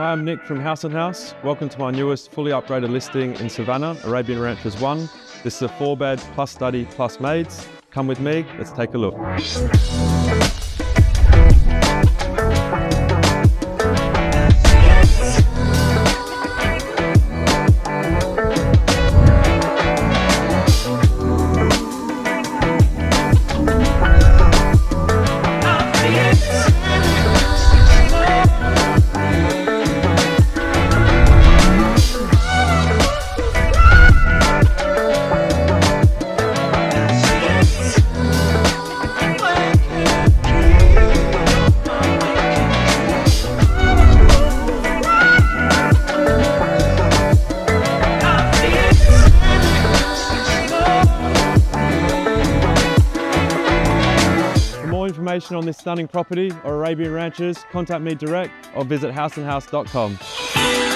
Hi, I'm Nick from House & House. Welcome to my newest fully upgraded listing in Savannah, Arabian Ranchers 1. This is a four bed plus study plus maids. Come with me, let's take a look. information on this stunning property or Arabian ranches, contact me direct or visit houseandhouse.com.